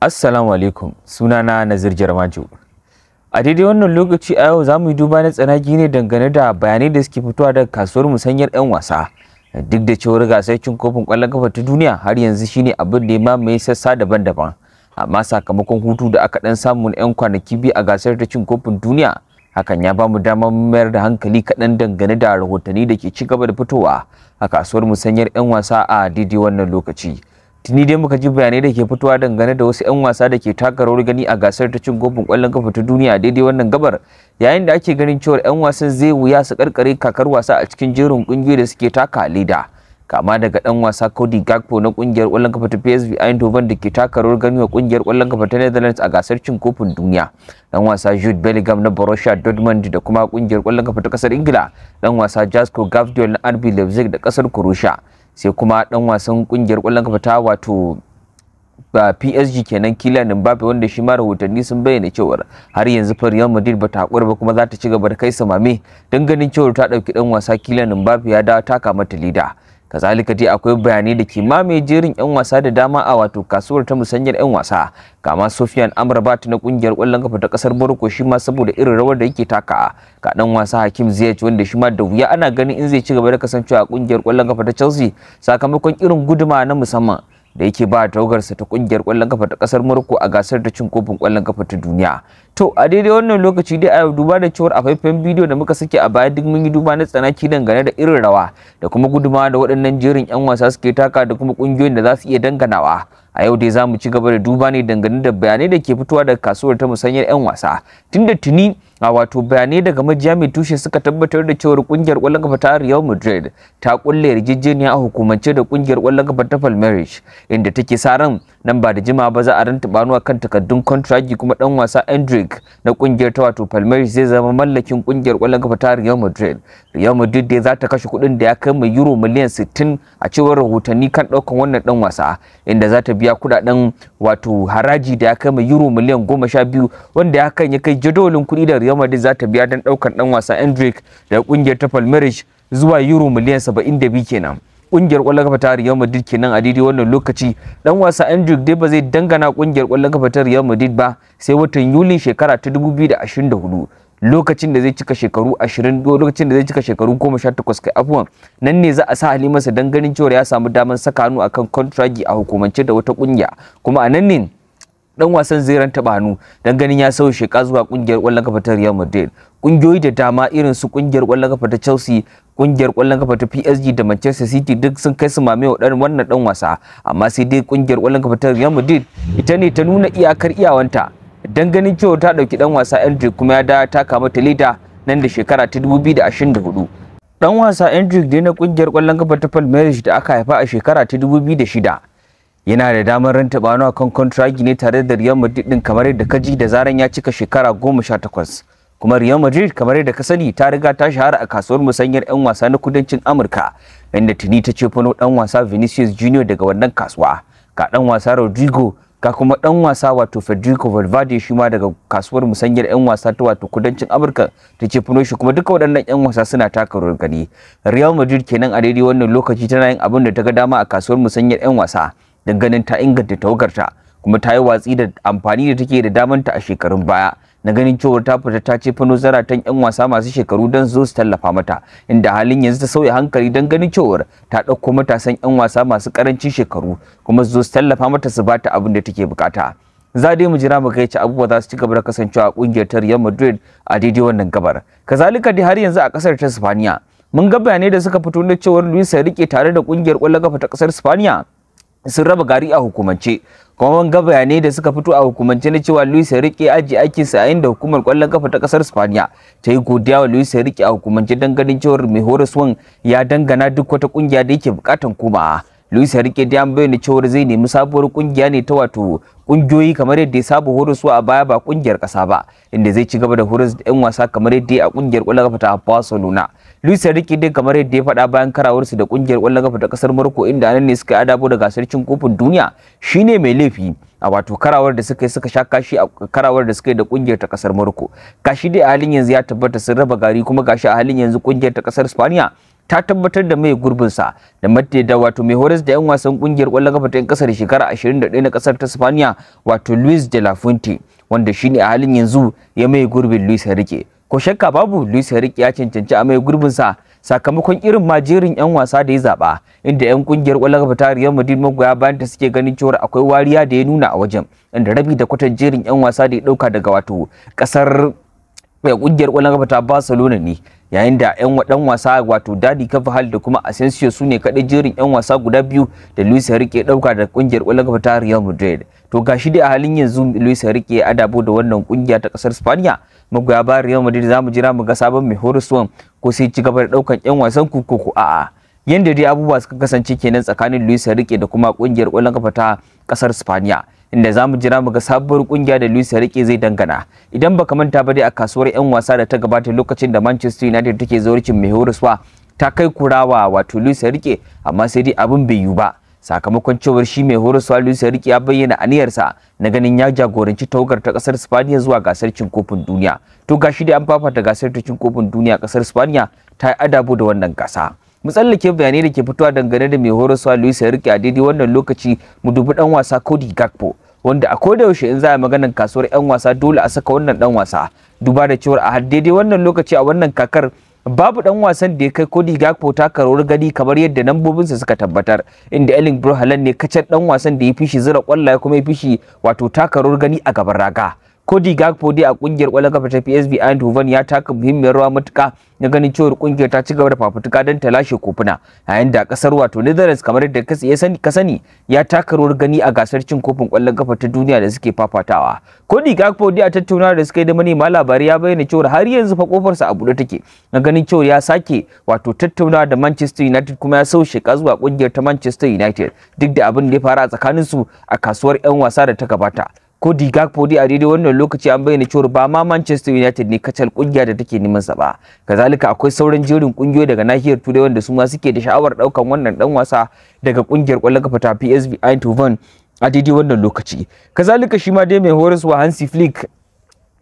Assalamu alaikum sunana Nazir Jarmajo. A daidai wannan lokaci a yau za mu yi duba na tsanagi ne dangane da bayanai da suke fitowa daga kasuwar musanyar 'yan wasa. Duk da cewar gasar cin kofin ƙwallon kafa ta duniya har yanzu shine abin da ya mamaye sassa daban-daban. Amma sakamakon hutu da aka dan samu na 'yan kwanaki biyu a gasar ta cin kofin duniya hakan ya bamu damar mayar da hankali kaɗan dangane da rahotanni da ke ci gaba da fitowa a kasuwar musanyar 'yan wasa a daidai wannan lokaci. tuni dai muka ji bayanai da ke fitowa dangane da wasu 'yan wasa da ke taka rawar gani a gasar ta cin gobin kwallon kafa ta duniya daidai wannan gabar yayin da ake ganin cewar 'yan wasan zai wuya su karkare kakar wasa a cikin jerin kungiyoyi da suke taka leda kama daga dan wasa Cody Gakpo na kungiyar kwallon kafa ta PSV Eindhoven da ke taka rawar gani wa kungiyar kwallon kafa ta Netherlands a gasar cin kofin duniya dan wasa Jude Bellingham na Borussia Dortmund da kuma kungiyar kwallon kafa ta kasar Ingila dan wasa Jasko Gavdiol na RB Leipzig da kasar Croatia sai kuma dan wasan kungiyar kwallon kafa ta wato ba PSG kenan Kylian Mbappe wanda shi ma rahotanni sun bayyana cewa har yanzu fa Real Madrid bata ta ba kuma za ta ci gaba da kai samame dangane ganin cewa ta dauki dan wasa Kylian Mbappe ya dawo taka mata lida kazalika dai akwai bayanai da ke mamaye jerin 'yan wasa da dama a wato kasuwar ta musanyar 'yan wasa kama sofian amrabat na kungiyar kwallon kafa ta kasar morocco shi ma saboda irin rawar da yake taka ga dan wasa hakim ziyech wanda shi ma da wuya ana ganin in zai ci gaba da kasancewa a kungiyar kwallon kafa ta chelsea sakamakon irin guduma na musamman da yake ba tawagarsa ta kungiyar kwallon kafa ta kasar Morocco a gasar da cin kofin kwallon kafa ta duniya. To a daidai wannan lokaci dai a yau duba da cewar a faifan bidiyo da muka sake a baya duk mun yi duba na tsanaki dangane da irin rawa da kuma guduma da waɗannan jerin 'yan wasa suke taka da kuma kungiyoyin da za su iya danganawa. a yau dai za mu ci gaba da duba ne dangane da bayanai da ke fitowa daga kasuwar ta musanyar 'yan wasa tun da tuni a wato bayanai daga majiya mai tushe suka tabbatar da cewar kungiyar kwallon kafa ta Real Madrid ta kulle yarjejeniya a hukumance da kungiyar kwallon kafa ta Palmeiras inda take sa ran nan ba da jima ba za a ranta banu kan takaddun contract kuma dan wasa Endrick na kungiyar ta wato Palmeiras zai zama mallakin kungiyar kwallon kafa ta Real Madrid Real Madrid dai za ta kashe kuɗin da ya kai mai euro miliyan 60 a cewar rahotanni kan ɗaukan wannan dan wasa inda za ta biya kuɗaɗen wato haraji da ya kai mai euro miliyan 12 wanda hakan ya kai jadawalin kuɗi da Real Madrid za ta biya don ɗaukar ɗan wasa Endrick daga ƙungiyar ta Palmeiras zuwa Euro miliyan 72 kenan. Ƙungiyar ƙwallon kafa ta Real Madrid kenan a daidai wannan lokaci ɗan wasa Endrick dai ba zai dangana ƙungiyar ƙwallon kafa ta Real Madrid ba sai watan Yulin shekara ta 2024. lokacin da zai cika shekaru 20 lokacin da zai cika shekaru 18 kai afuwan nan ne za a sa halimarsa don ganin cewa ya samu damar saka hannu akan kontragi a hukumance da wata kungiya kuma a nan ne dan wasan zeran Tabanu hannu, dan ganin ya sau sheka zuwa kungiyar kwallon kafa ta Real Madrid kungiyoyi da dama irin su kungiyar kwallon kafa ta Chelsea kungiyar kwallon kafa ta PSG da Manchester City duk sun kai su mamaye dan wannan dan wasa amma sai dai kungiyar kwallon kafa ta Real Madrid ita ne ta nuna iyakar iyawanta dan ganin cewa ta dauki dan wasa Endrick kuma ya da kama ta leda nan da shekara ta 2024 dan wasa Endrick dai na kungiyar kwallon kafa ta Palmeiras da aka haifa a shekara ta 2006 yana da damar ranta bano a kan kontragi ne tare da Real Madrid din kamar yadda ka ji da zaran ya cika shekara goma sha takwas. Kuma Real Madrid kamar yadda ka sani ta riga ta shahara a kasuwar musanyar 'yan wasa na kudancin Amurka inda tuni ta cefano dan wasa Vinicius Junior daga wannan kasuwa. Ka dan wasa Rodrigo ga kuma dan wasa wato Federico Valverde shi ma daga kasuwar musanyar 'yan wasa ta wato kudancin Amurka ta ce shi kuma duka waɗannan 'yan wasa suna taka rawar gani. Real Madrid kenan a daidai wannan lokaci tana yin abin da ta ga dama a kasuwar musanyar 'yan wasa. don ganin ta inganta tawagarta kuma ta yi watsi da amfani da take da damanta a shekarun baya na ganin cewar ta fita ta ce fano zaratan yan wasa masu shekaru don zo su tallafa mata inda halin yanzu ta sauya hankali don ganin cewar ta ɗauko matasan yan wasa masu karancin shekaru kuma su zo su tallafa mata su bata abin da take bukata za dai mu jira mu ga yace abubuwa za su ci gaba da kasancewa a kungiyar ta Real Madrid a daidai wannan gabar kazalika dai har yanzu a kasar ta Spaniya mun ga bayanai da suka fito na cewar Luis Enrique tare da kungiyar ƙwallon kafa ta kasar Spaniya sun raba gari a hukumance kuma ga bayanai da suka fito a hukumance na cewa Luis Enrique aji aikin sa yayin da hukumar kwallon kafa ta kasar Spaniya ta yi godiya wa Luis Enrique a hukumance don ganin cewa mai horaswan ya dangana duk wata kungiya da yake bukatan komawa Luis Enrique da an bayyana cewar zai nemi sabuwar kungiya ne ta wato kungiyoyi kamar yadda ya saba horaswa a baya ba kungiyar kasa ba inda zai ci gaba da horas da 'yan wasa kamar yadda a kungiyar kwallon kafa ta Barcelona. Luis Enrique dai kamar yadda ya faɗa bayan karawarsu da kungiyar kwallon kafa ta kasar Morocco inda anan ne suka adabo da gasar cin kofin duniya shine mai laifi a wato karawar da suka yi suka sha kashi a karawar da suka yi da kungiyar ta kasar Morocco. Kashi dai a halin yanzu ya tabbata sun raba gari kuma gashi a halin yanzu kungiyar ta kasar Spaniya ta tabbatar da mai gurbinsa da madde da wato mai horas da 'yan wasan kungiyar kwallon kafa ta 'yan kasar shekara 21 na kasar ta Spaniya wato Luis de la Fuente wanda shine a halin yanzu ya mai gurbin Luis Enrique ko shakka babu Luis Enrique ya cancanci a mai gurbinsa sakamakon irin majerin 'yan wasa da ya zaba inda 'yan kungiyar kwallon kafa ta Real Madrid magoya bayan ta suke ganin cewa akwai wariya da ya nuna a wajen inda rabi da kwatan jerin 'yan wasa da ya dauka daga wato kasar eh, kungiyar kwallon kafa ta Barcelona ne yayin da 'yan wadan wasa wato dadi kafahal da kuma asensio su ne kaɗai jerin 'yan wasa guda biyu da luis enrique ɗauka da ƙungiyar ƙwallon ta real madrid to ga shi dai a halin yanzu luis enrique ya adabo da wannan ƙungiya ta ƙasar spania magoya ba real madrid za mu jira mu ga sabon mai horoswan ko sai ci gaba da ɗaukan 'yan wasan ku ko ku a'a yanda dai abubuwa suka kasance kenan tsakanin luis enrique da kuma ƙungiyar ƙwallon ta ƙasar spania. inda zamu jira mu ga sabuwar kungiya da Luis Enrique zai dangana idan baka manta ba dai a kasuwar 'yan wasa da ta gabata lokacin da Manchester United take zaurucin mai horaswa ta kai kurawa wato Luis Enrique amma sai dai abin bai yiwu ba sakamakon cewar shi mai horaswa Luis Enrique ya bayyana aniyarsa na ganin ya jagoranci tawagar ta kasar Spaniya zuwa gasar cin kofin duniya to gashi dai an fafata gasar ta cin kofin duniya kasar Spaniya ta yi adabu da wannan gasa mu tsallake bayanai da ke fitowa dangane da mai sa Luis Enrique a daidai wannan lokaci mu dubi dan wasa Cody Gakpo wanda a koda yaushe in za a maganar kasuwar 'yan wasa dole a saka wannan dan wasa duba da cewar a daidai wannan lokaci a wannan kakar babu dan wasan da ya kai Cody Gakpo karuwar gani kamar yadda nambobinsa suka tabbatar inda Erling Haaland ne kacan dan wasan da ya fishi zira kwallaye kuma ya fishi wato karuwar gani a gaban raga Cody Gakpo dai a kungiyar kwallon kafa ta PSV Eindhoven ya taka muhimmiyar rawa matuka na ganin cewa kungiyar ta ci gaba da fafutuka don ta lashe kofuna yayin da kasar wato Netherlands kamar yadda ka sani ka sani ya taka rawar gani a gasar cin kofin kwallon kafa ta duniya da suke fafatawa Cody Gakpo dai a tattaunawa da suka yi da manema labarai ya bayyana cewar har yanzu fa kofarsa a buɗe take na ganin cewar ya sake wato tattaunawa da Manchester United kuma ya sau sheka zuwa kungiyar ta Manchester United duk da abin da ya faru a tsakaninsu a kasuwar 'yan wasa da ta gabata ko di Gakpo dai a daidai wannan lokaci an bayyana cewa ba ma Manchester United ne kacal kungiya da take neman sa ba kazalika akwai sauran jerin kungiyoyi daga nahiyar Turai wanda su ma suke da sha'awar daukan wannan dan wasa daga kungiyar kwallon kafa ta PSV Eindhoven a daidai wannan lokaci kazalika shi ma dai mai horaswa Hansi Flick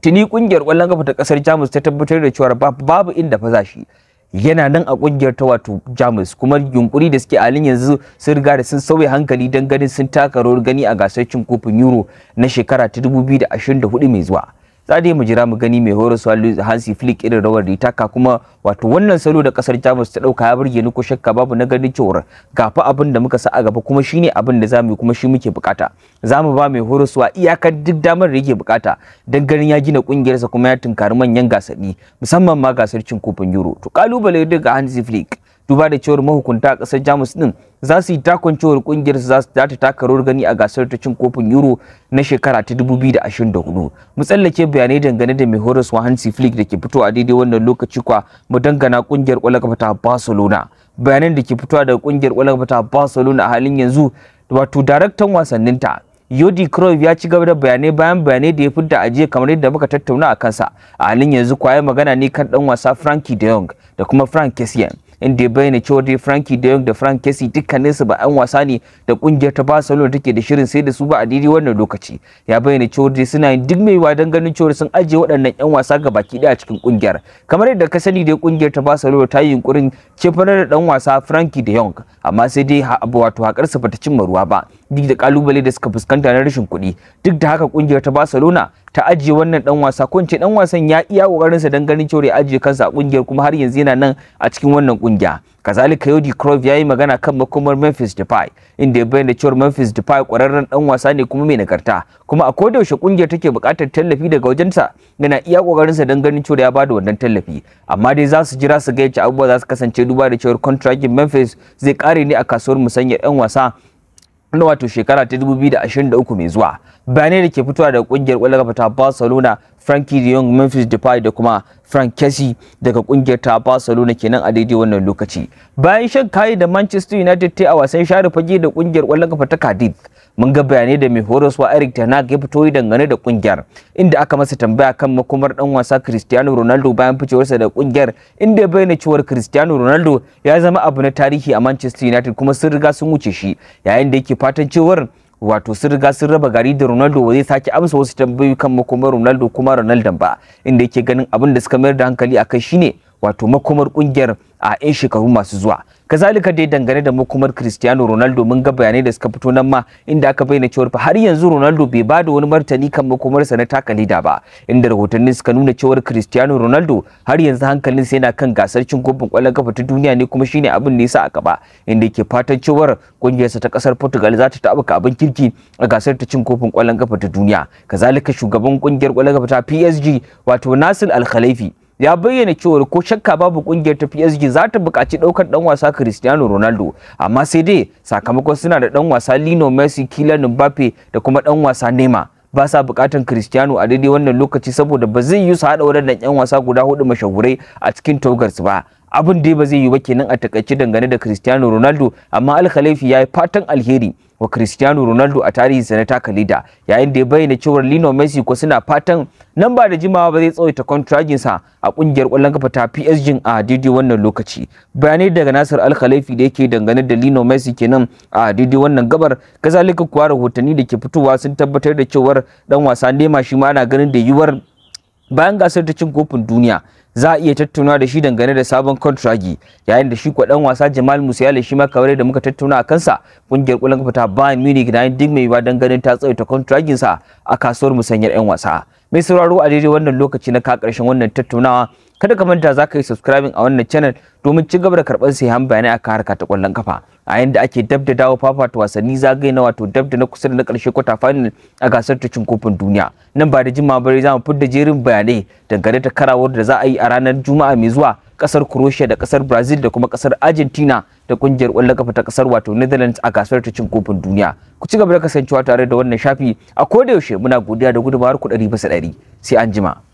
tuni kungiyar kwallon kafa ta kasar Jamus ta tabbatar da cewa babu inda fa za shi yana nan a kungiyar ta wato Jamus kuma yunkuri da suke halin yanzu sun riga da sun sauya hankali don ganin sun taka rawar gani a gasar cin kofin Euro na shekara ta 2024 mai zuwa. za dai mu jira mu gani mai horaswa Hansi Flick irin rawar da taka kuma wato wannan salo da kasar Jamus ta dauka ya burge ni ko shakka babu na ganin cewa gafa abin da muka sa a gaba kuma shine abin da zamu kuma shi muke bukata zamu ba mai horaswa iyakar duk damar da yake bukata dan ganin ya gina kungiyarsa kuma ya tunkari manyan gasanni musamman ma gasar cin kofin Euro to kalubale daga Hansi Flick duba da cewar mahukunta a kasar jamus din za su yi takon cewar kungiyar su ta taka rawar gani a gasar ta cin kofin euro na shekara ta 2024 mu tsallake bayanai dangane da mai wa hansi flick da ke fito a daidai wannan lokaci kwa mu dangana kungiyar kwalaba ta barcelona bayanan da ke fitowa daga kungiyar kwalaba ta barcelona a halin yanzu wato daraktan wasanninta Yodi Cruyff ya ci gaba da bayanai bayan bayanai da ya fidda a jiya kamar yadda muka tattauna a kansa. A halin yanzu kwaye magana ne kan dan wasa Frankie de Jong da kuma Frank Kessien. inda ya bayyana cewa dai Frankie De Jong da Frank Kessie su ba 'yan wasa ne da kungiyar ta Barcelona take da shirin sai da su ba a daidai wannan lokaci. Ya bayyana cewa dai suna yin duk mai don ganin cewa sun ajiye waɗannan 'yan wasa ga baki ɗaya cikin kungiyar. Kamar yadda ka sani dai kungiyar ta Barcelona ta yi yunkurin cefanar da ɗan wasa Frankie da Jong amma sai dai wato hakarsa bata cimma ruwa ba. duk da kalubale da suka fuskanta na rashin kuɗi duk da haka kungiyar ta Barcelona ta ajiye wannan dan wasa ko ce dan wasan ya iya kokarin sa dan ganin cewa ya ajiye kansa a kungiyar kuma har yanzu yana nan a cikin wannan kungiya kazalika Yodi Cruyff yayi magana kan makomar Memphis Depay inda ya bayyana cewa Memphis Depay kwararren dan wasa ne kuma mai nagarta kuma a koda yaushe kungiyar take buƙatar tallafi daga wajensa yana iya kokarin sa dan ganin cewa ya bada wannan tallafi amma dai za su jira su ga yace abubuwa za su kasance duba da cewa contract Memphis zai kare ne a kasuwar musanyar yan wasa na wato shekara ta 2023 mai zuwa bayanai da ke fitowa daga kungiyar kwallon kafa ta Barcelona Frankie de Jong Memphis Depay da kuma Frank Kessie daga kungiyar ta Barcelona kenan a daidai wannan lokaci bayan shan kayi da Manchester United ta a wasan share fage da kungiyar kwallon kafa ta Cardiff mun ga bayanai da mai horaswa Eric Hag ya fito dangane da kungiyar inda aka masa tambaya kan makomar dan wasa Cristiano Ronaldo bayan ficewarsa da kungiyar inda ya bayyana cewa Cristiano Ronaldo ya zama abu na tarihi a Manchester United kuma sun riga sun wuce shi yayin da yake fatan cewar wato sun riga sun raba gari da Ronaldo ba zai sake amsa wasu tambayoyi kan makomar Ronaldo kuma Ronaldo ba inda yake ganin abin da suka mayar da hankali akai ne. wato makomar kungiyar a 'yan shekaru masu zuwa kazalika dai dangane da makomar cristiano ronaldo mun ga bayanai da suka fito nan ma inda aka bayyana cewa har yanzu ronaldo bai ba da wani martani kan makomarsa na taka leda ba inda rahotanni suka nuna cewar cristiano ronaldo har yanzu hankalin sa yana kan gasar cin kofin kwallon kafa ta duniya ne kuma shine abin da yasa a gaba inda yake fatan cewar kungiyarsa ta kasar portugal za ta tabuka abin kirki a gasar ta cin kofin kwallon kafa ta duniya kazalika shugaban kungiyar kwallon kafa ta psg wato nasir al-khalifi ya bayyana cewa ko shakka babu kungiyar ta PSG za ta buƙaci ɗaukar ɗan wasa Cristiano Ronaldo amma sai dai sakamakon suna da ɗan wasa lino Messi, Kylian Mbappe da kuma ɗan wasa Neymar ba sa buƙatan Cristiano a daidai wannan lokaci saboda ba zai yi su haɗa waɗannan 'yan wasa guda hudu mashahurai a cikin togarsu ba abin dai ba zai yi ba kenan a takaice dangane da Cristiano Ronaldo amma Al-Khalifi ya yi fatan alheri wa Cristiano Ronaldo a sa na taka leader yayin da ya bayyana cewa lino Messi ko suna fatan nan ba da jimawa ba zai tsawaita sa a kungiyar kwallon kafa ta PSG a didi wannan lokaci bayanai daga Nasir Al Khalifi da yake dangane da lino Messi kenan a didi wannan gabar kazalika kuwa rahotanni da ke fitowa sun tabbatar da cewar dan wasa Neymar shi ma ana ganin da yiwuwar bayan gasar ta cin kofin duniya za a iya tattauna da shi dangane da sabon kontragi yayin da shi kwaɗan wasa Jamal Musiala shi ma kawai da muka tattauna a kansa kungiyar kulan kafa bayan Bayern Munich na yin digme ba dan ganin ta tsawaita kontragin sa a kasuwar musanyar 'yan wasa mai sauraro a daidai wannan lokaci na ka ƙarshen wannan tattaunawa kada ka manta za ka yi subscribing a wannan channel domin ci gaba da karɓar sayan bayanai kan harka ta ƙwallon kafa a yayin ake dab da dawo ta wasanni zagaye na wato dab da na kusa da na ƙarshe kwata final a gasar ta cin kofin duniya nan ba da jimawa bare za mu fidda jerin bayanai dangane da karawar da za a yi a ranar juma'a mai zuwa kasar Croatia da kasar Brazil da kuma kasar Argentina da kungiyar ƙwallon kafa ta kasar wato Netherlands a gasar ta cin kofin duniya. Ku ci gaba da kasancewa tare da wannan shafi a kodayaushe yaushe muna godiya da gudunmawar ku ɗari bisa ɗari sai an jima.